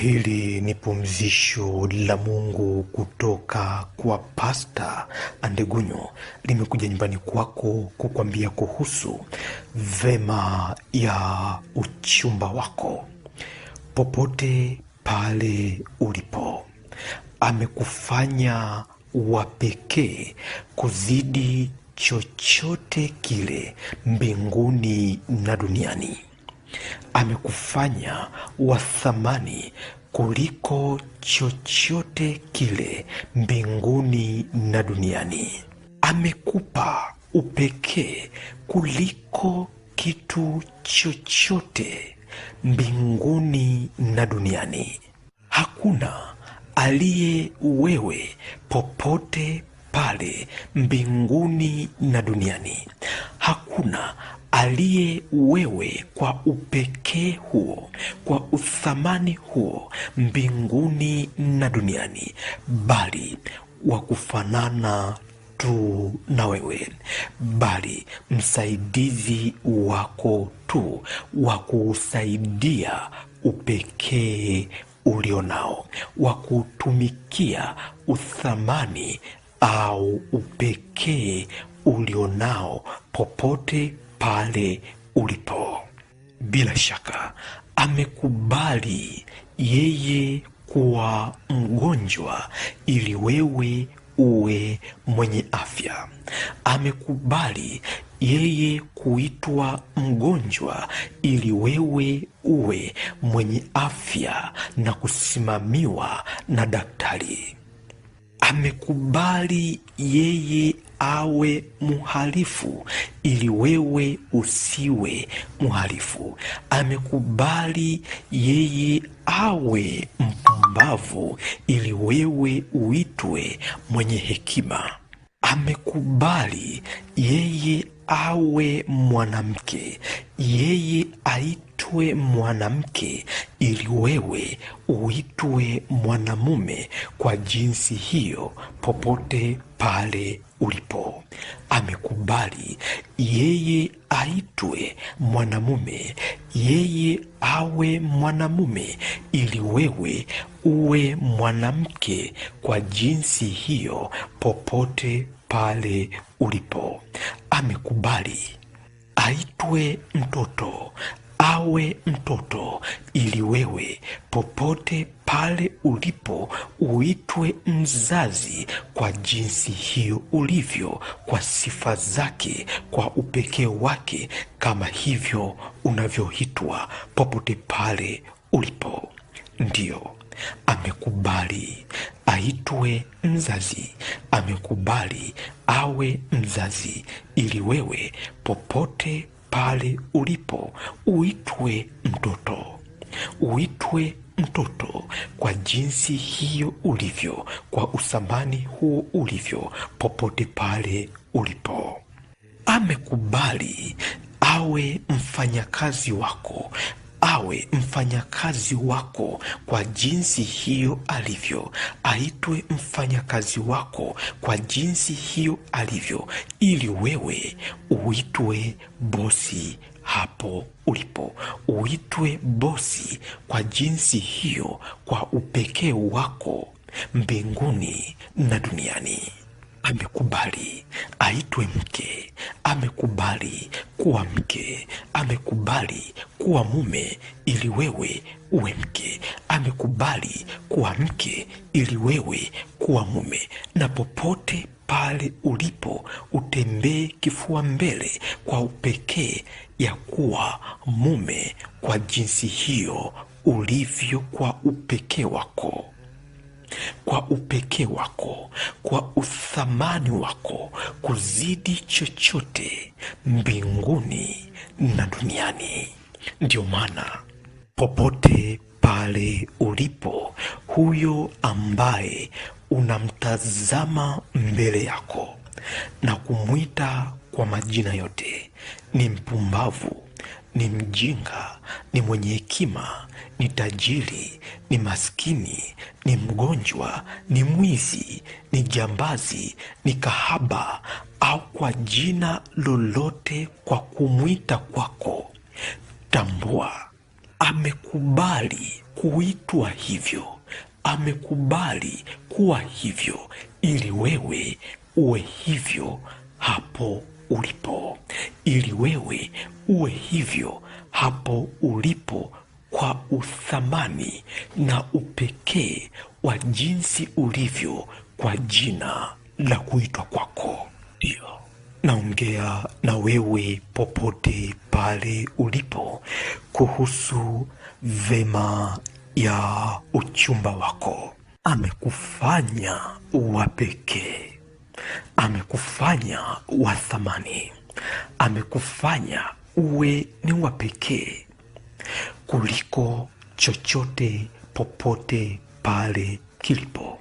Hili ni pumzisho la Mungu kutoka kwa Pasta Andegunyo, limekuja nyumbani kwako kukwambia kuhusu vema ya uchumba wako, popote pale ulipo. Amekufanya wa pekee kuzidi chochote kile mbinguni na duniani amekufanya wa thamani kuliko chochote kile mbinguni na duniani. Amekupa upekee kuliko kitu chochote mbinguni na duniani. Hakuna aliye wewe popote pale mbinguni na duniani. Hakuna aliye wewe kwa upekee huo, kwa uthamani huo mbinguni na duniani, bali wa kufanana tu na wewe, bali msaidizi wako tu wa kuusaidia upekee ulio nao, wa kutumikia uthamani au upekee ulio nao popote pale ulipo. Bila shaka amekubali yeye kuwa mgonjwa ili wewe uwe mwenye afya. Amekubali yeye kuitwa mgonjwa ili wewe uwe mwenye afya na kusimamiwa na daktari. Amekubali yeye awe mhalifu ili wewe usiwe mhalifu. Amekubali yeye awe mpumbavu ili wewe uitwe mwenye hekima. Amekubali yeye awe mwanamke, yeye aitwe uitwe mwanamke ili wewe uitwe mwanamume kwa jinsi hiyo popote pale ulipo. Amekubali yeye aitwe mwanamume, yeye awe mwanamume ili wewe uwe mwanamke kwa jinsi hiyo popote pale ulipo. Amekubali aitwe mtoto Awe mtoto ili wewe popote pale ulipo uitwe mzazi kwa jinsi hiyo ulivyo, kwa sifa zake, kwa upekee wake, kama hivyo unavyoitwa popote pale ulipo. Ndiyo, amekubali aitwe mzazi, amekubali awe mzazi ili wewe popote pale ulipo, uitwe mtoto, uitwe mtoto kwa jinsi hiyo ulivyo, kwa usamani huo ulivyo, popote pale ulipo. Amekubali awe mfanyakazi wako, awe mfanyakazi wako kwa jinsi hiyo alivyo, aitwe mfanyakazi wako kwa jinsi hiyo alivyo, ili wewe uitwe bosi hapo ulipo, uitwe bosi kwa jinsi hiyo, kwa upekee wako mbinguni na duniani. Amekubali aitwe mke amekubali kuwa mke, amekubali kuwa mume ili wewe uwe mke, amekubali kuwa mke ili wewe kuwa mume. Na popote pale ulipo, utembee kifua mbele kwa upekee ya kuwa mume kwa jinsi hiyo ulivyo kwa upekee wako kwa upekee wako, kwa uthamani wako kuzidi chochote mbinguni na duniani. Ndio maana popote pale ulipo, huyo ambaye unamtazama mbele yako na kumwita kwa majina yote ni mpumbavu ni mjinga, ni mwenye hekima, ni tajiri, ni maskini, ni mgonjwa, ni mwizi, ni jambazi, ni kahaba, au kwa jina lolote kwa kumwita kwako, tambua amekubali kuitwa hivyo, amekubali kuwa hivyo ili wewe uwe hivyo hapo ulipo, ili wewe uwe hivyo hapo ulipo kwa uthamani na upekee wa jinsi ulivyo kwa jina la kuitwa kwako. ndio naongea na wewe popote pale ulipo kuhusu vema ya uchumba wako. Amekufanya wapekee amekufanya wa thamani, amekufanya uwe ni wa pekee kuliko chochote popote pale kilipo.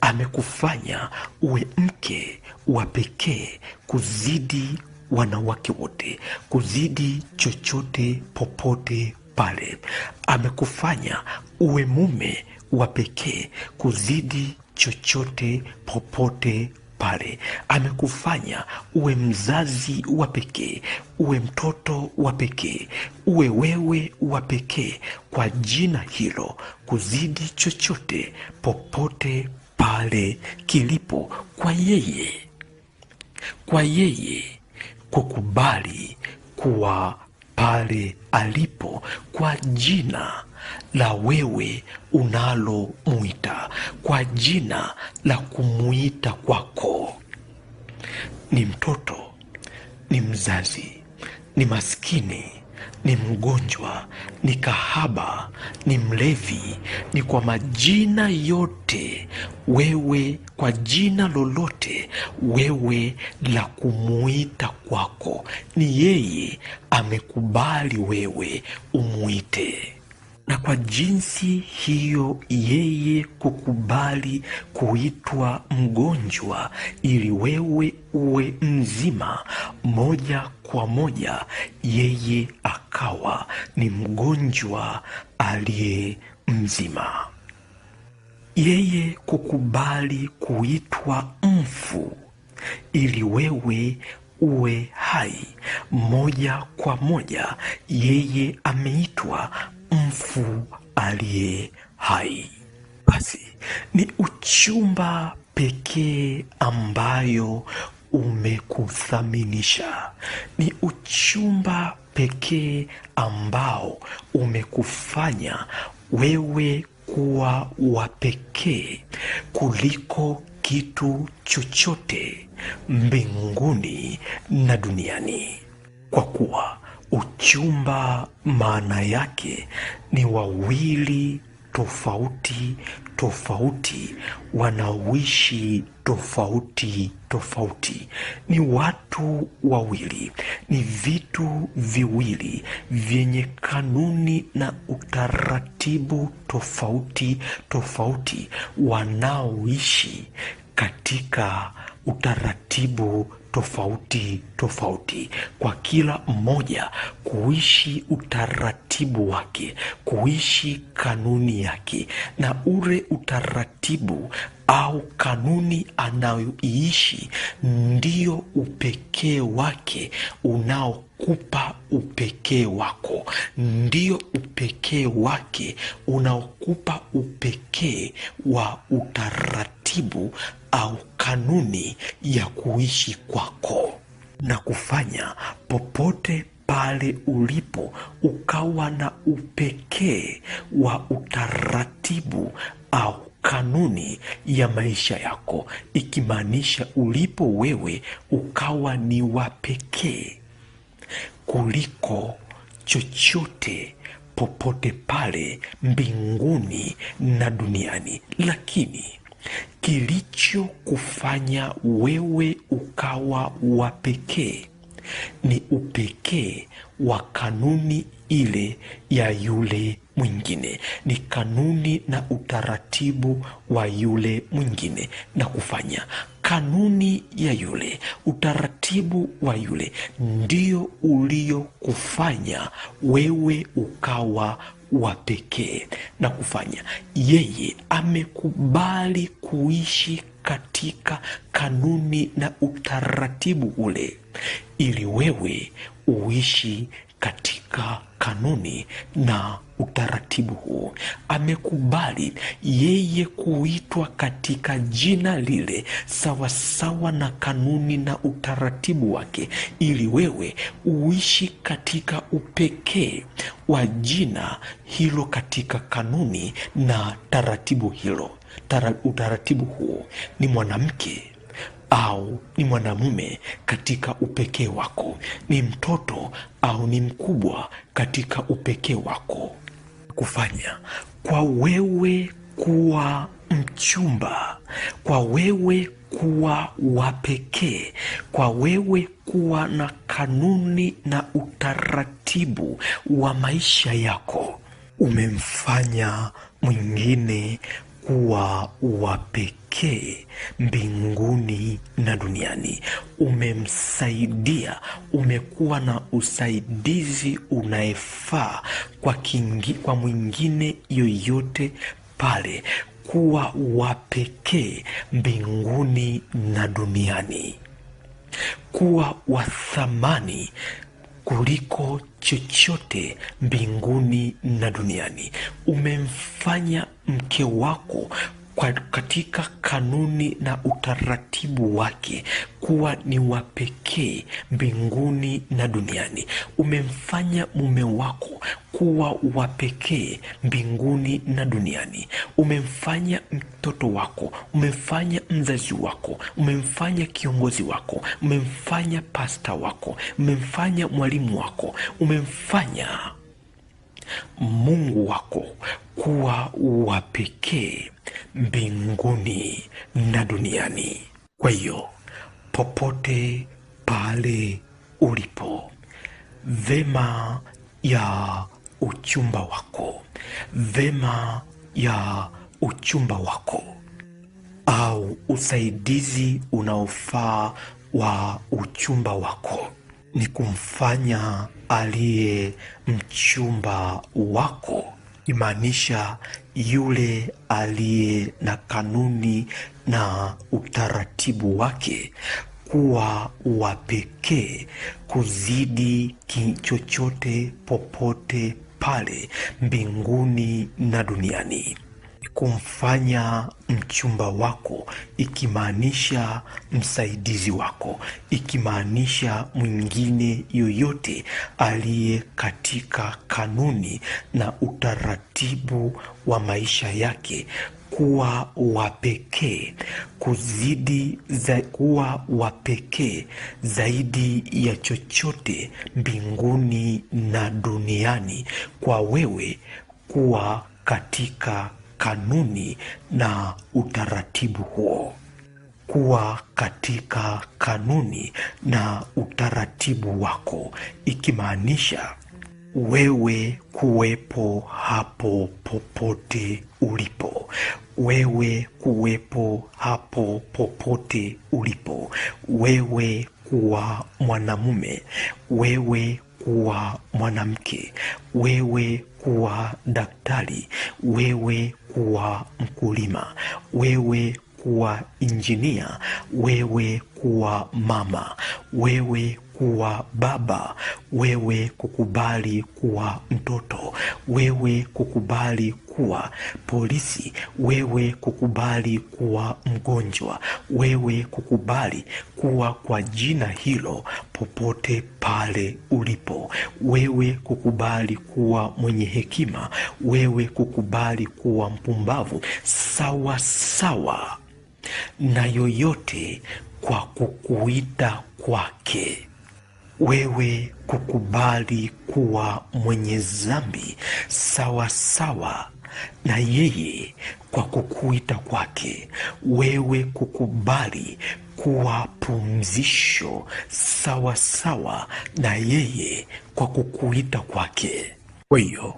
Amekufanya uwe mke wa pekee kuzidi wanawake wote, kuzidi chochote popote pale. Amekufanya uwe mume wa pekee kuzidi chochote popote pale amekufanya uwe mzazi wa pekee, uwe mtoto wa pekee, uwe wewe wa pekee kwa jina hilo, kuzidi chochote popote pale kilipo, kwa yeye, kwa yeye kukubali kuwa pale alipo kwa jina la wewe unalomwita, kwa jina la kumuita kwako. Ni mtoto, ni mzazi, ni maskini ni mgonjwa, ni kahaba, ni mlevi, ni kwa majina yote wewe, kwa jina lolote wewe la kumuita kwako, ni yeye amekubali wewe umuite na kwa jinsi hiyo yeye kukubali kuitwa mgonjwa ili wewe uwe mzima, moja kwa moja yeye akawa ni mgonjwa aliye mzima. Yeye kukubali kuitwa mfu ili wewe uwe hai, moja kwa moja yeye ameitwa mfu aliye hai. Basi ni uchumba pekee ambayo umekuthaminisha, ni uchumba pekee ambao umekufanya wewe kuwa wa pekee kuliko kitu chochote mbinguni na duniani, kwa kuwa Uchumba maana yake ni wawili tofauti tofauti wanaoishi tofauti tofauti, ni watu wawili, ni vitu viwili vyenye kanuni na utaratibu tofauti tofauti, wanaoishi katika utaratibu tofauti tofauti, kwa kila mmoja kuishi utaratibu wake, kuishi kanuni yake, na ule utaratibu au kanuni anayoiishi ndio upekee wake unaokupa upekee wako, ndio upekee wake unaokupa upekee wa utaratibu au kanuni ya kuishi kwako na kufanya popote pale ulipo ukawa na upekee wa utaratibu au kanuni ya maisha yako, ikimaanisha ulipo wewe ukawa ni wa pekee kuliko chochote popote pale mbinguni na duniani. Lakini Kilichokufanya wewe ukawa wa pekee ni upekee wa kanuni ile ya yule mwingine, ni kanuni na utaratibu wa yule mwingine, na kufanya kanuni ya yule utaratibu wa yule ndio uliokufanya wewe ukawa wa pekee na kufanya yeye amekubali kuishi katika kanuni na utaratibu ule, ili wewe uishi katika kanuni na utaratibu huu. Amekubali yeye kuitwa katika jina lile sawasawa sawa na kanuni na utaratibu wake, ili wewe uishi katika upekee wa jina hilo, katika kanuni na taratibu hilo. Tara, utaratibu huo ni mwanamke au ni mwanamume katika upekee wako, ni mtoto au ni mkubwa katika upekee wako, kufanya kwa wewe kuwa mchumba, kwa wewe kuwa wa pekee, kwa wewe kuwa na kanuni na utaratibu wa maisha yako, umemfanya mwingine kuwa wa pekee mbinguni na duniani. Umemsaidia, umekuwa na usaidizi unayefaa kwa, kwa mwingine yoyote pale, kuwa wa pekee mbinguni na duniani, kuwa wa thamani kuliko chochote mbinguni na duniani. Umemfanya mke wako kwa katika kanuni na utaratibu wake kuwa ni wa pekee mbinguni na duniani. Umemfanya mume wako kuwa wa pekee mbinguni na duniani. Umemfanya mtoto wako, umemfanya mzazi wako, umemfanya kiongozi wako, umemfanya pasta wako, umemfanya mwalimu wako, umemfanya Mungu wako kuwa wa pekee mbinguni na duniani. Kwa hiyo popote pale ulipo, vema ya uchumba wako, vema ya uchumba wako au usaidizi unaofaa wa uchumba wako ni kumfanya aliye mchumba wako, imaanisha yule aliye na kanuni na utaratibu wake kuwa wa pekee kuzidi chochote popote pale mbinguni na duniani kumfanya mchumba wako, ikimaanisha msaidizi wako, ikimaanisha mwingine yoyote aliye katika kanuni na utaratibu wa maisha yake kuwa wa pekee kuzidi za, kuwa wa pekee zaidi ya chochote mbinguni na duniani, kwa wewe kuwa katika kanuni na utaratibu huo. Kuwa katika kanuni na utaratibu wako, ikimaanisha wewe kuwepo hapo popote ulipo, wewe kuwepo hapo popote ulipo, wewe kuwa mwanamume, wewe kuwa mwanamke, wewe kuwa daktari, wewe kuwa mkulima, wewe kuwa injinia, wewe kuwa mama, wewe kuwa baba, wewe kukubali kuwa mtoto, wewe kukubali kuwa polisi, wewe kukubali kuwa mgonjwa, wewe kukubali kuwa kwa jina hilo popote pale ulipo, wewe kukubali kuwa mwenye hekima, wewe kukubali kuwa mpumbavu sawa sawa na yoyote kwa kukuita kwake wewe kukubali kuwa mwenye zambi sawa sawa na yeye kwa kukuita kwake, wewe kukubali kuwa pumzisho sawa sawa na yeye kwa kukuita kwake. Kwa hiyo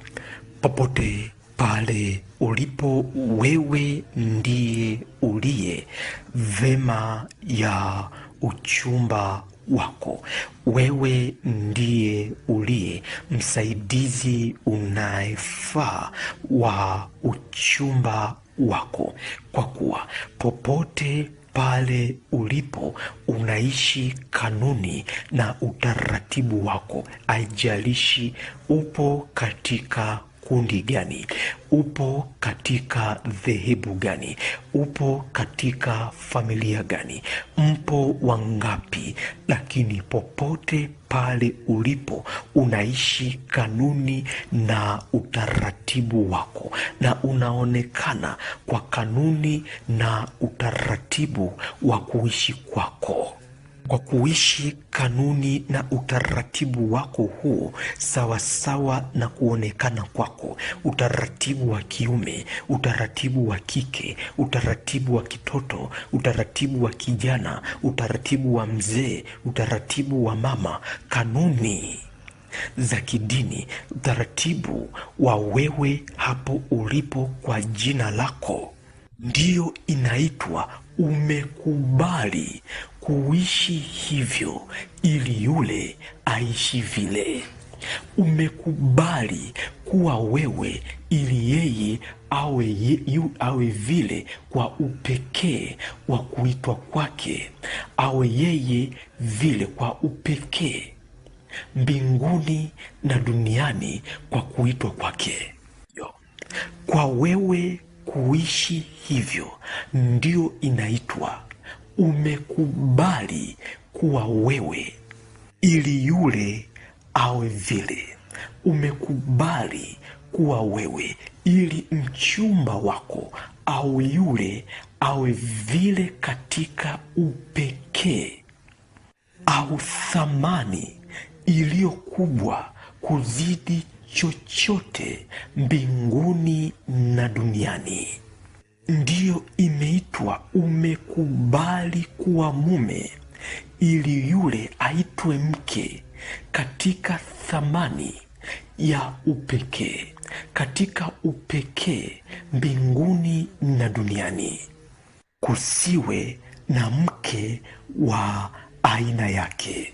popote pale ulipo wewe ndiye uliye vema ya uchumba wako. Wewe ndiye uliye msaidizi unayefaa wa uchumba wako, kwa kuwa popote pale ulipo unaishi kanuni na utaratibu wako, aijalishi upo katika kundi gani, upo katika dhehebu gani, upo katika familia gani, mpo wangapi? Lakini popote pale ulipo unaishi kanuni na utaratibu wako, na unaonekana kwa kanuni na utaratibu wa kuishi kwako. Kwa kuishi kanuni na utaratibu wako huo sawasawa na kuonekana kwako, utaratibu wa kiume, utaratibu wa kike, utaratibu wa kitoto, utaratibu wa kijana, utaratibu wa mzee, utaratibu wa mama, kanuni za kidini, utaratibu wa wewe hapo ulipo kwa jina lako, ndiyo inaitwa umekubali kuishi hivyo ili yule aishi vile. Umekubali kuwa wewe ili yeye awe, ye, awe vile kwa upekee wa kuitwa kwake, awe yeye vile kwa upekee mbinguni na duniani kwa kuitwa kwake, kwa wewe kuishi hivyo ndio inaitwa umekubali kuwa wewe ili yule awe vile. Umekubali kuwa wewe ili mchumba wako au yule awe vile katika upekee au thamani iliyo kubwa kuzidi chochote mbinguni na duniani. Ndiyo imeitwa umekubali kuwa mume ili yule aitwe mke katika thamani ya upekee, katika upekee mbinguni na duniani. Kusiwe na mke wa aina yake,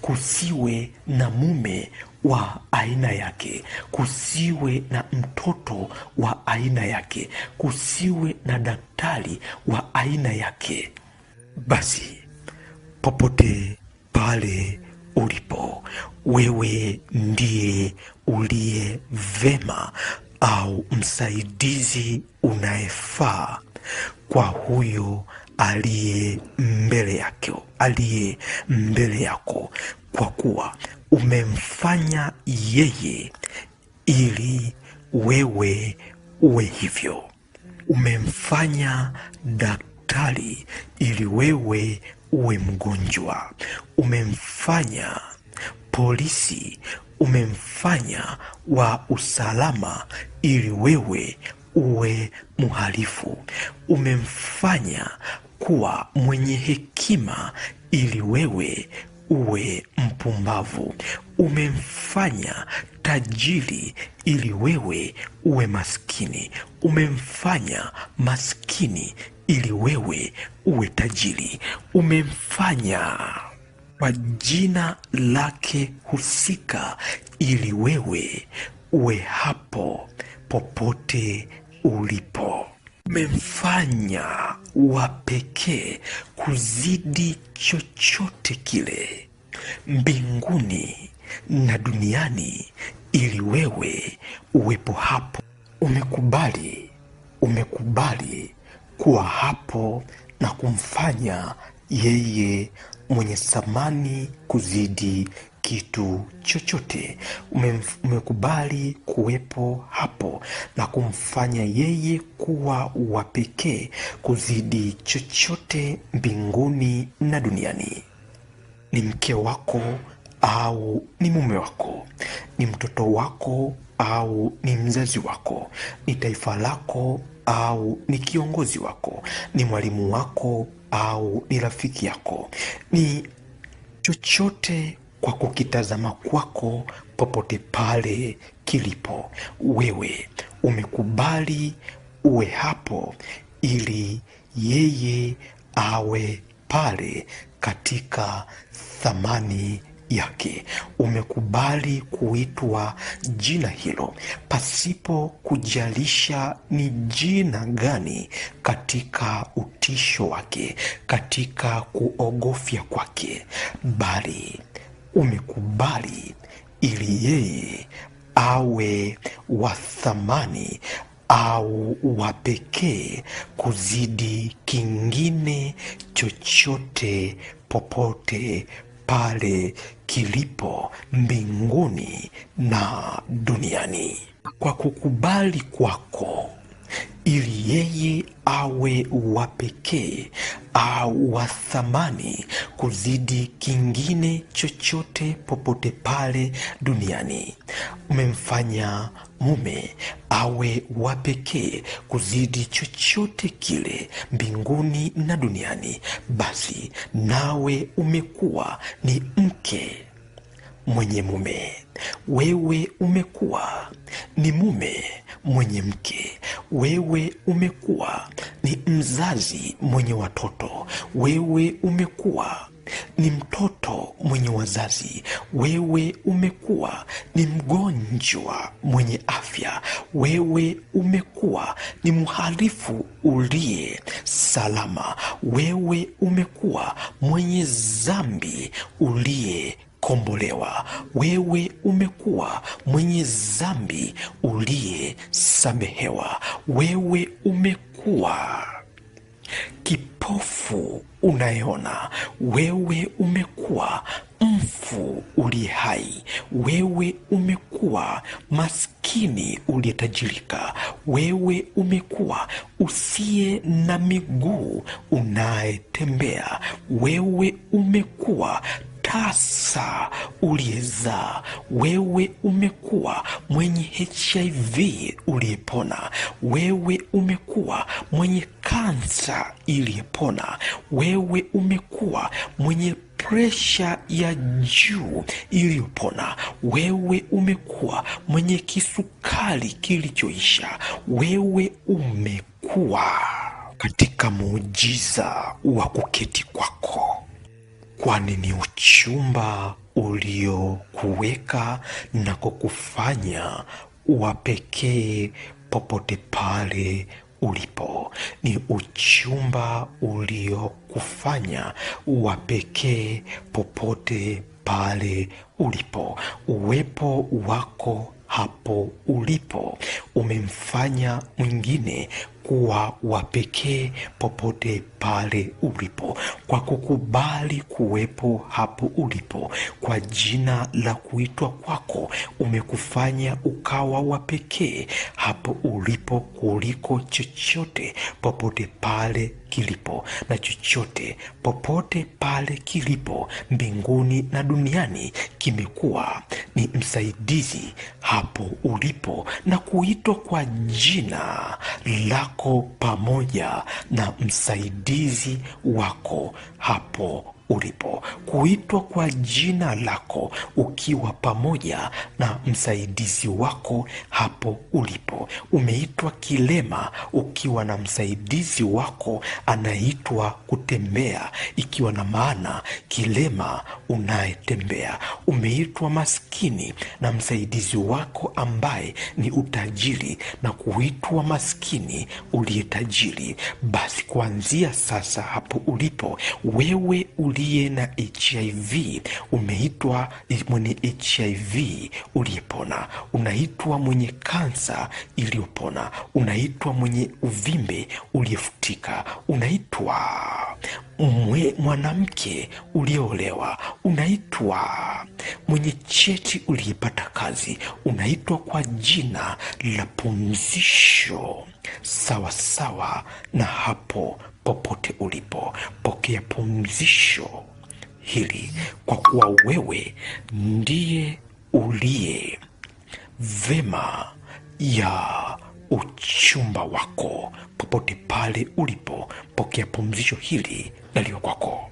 kusiwe na mume wa aina yake, kusiwe na mtoto wa aina yake, kusiwe na daktari wa aina yake. Basi popote pale ulipo wewe ndiye uliye vema au msaidizi unayefaa kwa huyo aliye mbele yake, aliye mbele yako, kwa kuwa umemfanya yeye ili wewe uwe hivyo. Umemfanya daktari ili wewe uwe mgonjwa. Umemfanya polisi, umemfanya wa usalama ili wewe uwe mhalifu. Umemfanya kuwa mwenye hekima ili wewe uwe mpumbavu, umemfanya tajiri ili wewe uwe maskini, umemfanya maskini ili wewe uwe tajiri, umemfanya kwa jina lake husika ili wewe uwe hapo popote ulipo umemfanya wa pekee kuzidi chochote kile mbinguni na duniani, ili wewe uwepo hapo. Umekubali, umekubali kuwa hapo na kumfanya yeye mwenye thamani kuzidi kitu chochote. Umekubali kuwepo hapo na kumfanya yeye kuwa wa pekee kuzidi chochote mbinguni na duniani. Ni mke wako au ni mume wako, ni mtoto wako au ni mzazi wako, ni taifa lako au ni kiongozi wako, ni mwalimu wako au ni rafiki yako, ni chochote kwa kukitazama kwako popote pale kilipo. Wewe umekubali uwe hapo ili yeye awe pale katika thamani yake. Umekubali kuitwa jina hilo pasipo kujalisha ni jina gani, katika utisho wake, katika kuogofya kwake, bali umekubali ili yeye awe wa thamani au wa pekee kuzidi kingine chochote popote pale kilipo mbinguni na duniani. Kwa kukubali kwako ili yeye awe wa pekee au wa thamani kuzidi kingine chochote popote pale duniani. umemfanya mume awe wa pekee kuzidi chochote kile mbinguni na duniani, basi nawe umekuwa ni mke mwenye mume. Wewe umekuwa ni mume mwenye mke, wewe umekuwa ni mzazi mwenye watoto, wewe umekuwa ni mtoto mwenye wazazi, wewe umekuwa ni mgonjwa mwenye afya, wewe umekuwa ni mhalifu uliye salama, wewe umekuwa mwenye dhambi uliye kombolewa. Wewe umekuwa mwenye uliye uliyesamehewa. Wewe umekuwa kipofu unayeona. Wewe umekuwa mfu uliye hai. Wewe umekuwa maskini uliyetajirika. Wewe umekuwa usiye na miguu unayetembea. Wewe umekuwa kasa uliyezaa wewe, umekuwa mwenye HIV uliyepona wewe, umekuwa mwenye kansa iliyepona wewe, umekuwa mwenye presha ya juu iliyopona wewe, umekuwa mwenye kisukari kilichoisha wewe, umekuwa katika muujiza wa kuketi kwako kwani ni uchumba uliokuweka na kukufanya wa pekee popote pale ulipo. Ni uchumba uliokufanya wa pekee popote pale ulipo. Uwepo wako hapo ulipo umemfanya mwingine kuwa wa pekee popote pale ulipo, kwa kukubali kuwepo hapo ulipo. Kwa jina la kuitwa kwako umekufanya ukawa wa pekee hapo ulipo kuliko chochote popote pale kilipo na chochote popote pale kilipo mbinguni na duniani kimekuwa ni msaidizi hapo ulipo na kuitwa kwa jina lako pamoja na msaidizi msaidizi wako hapo ulipo, kuitwa kwa jina lako, ukiwa pamoja na msaidizi wako hapo ulipo. Umeitwa kilema, ukiwa na msaidizi wako anaitwa kutembea, ikiwa na maana kilema unayetembea. Umeitwa maskini na msaidizi wako ambaye ni utajiri, na kuitwa maskini uliyetajiri. Basi kuanzia sasa hapo ulipo wewe uli uliye na HIV umeitwa mwenye HIV uliyepona, unaitwa mwenye kansa iliyopona, unaitwa mwenye uvimbe uliyefutika, unaitwa mwanamke uliyeolewa, unaitwa mwenye cheti uliyepata kazi, unaitwa kwa jina la pumzisho sawasawa na hapo popote ulipo, pokea pumzisho hili, kwa kuwa wewe ndiye uliye vema ya uchumba wako. Popote pale ulipo, pokea pumzisho hili naliyo kwako.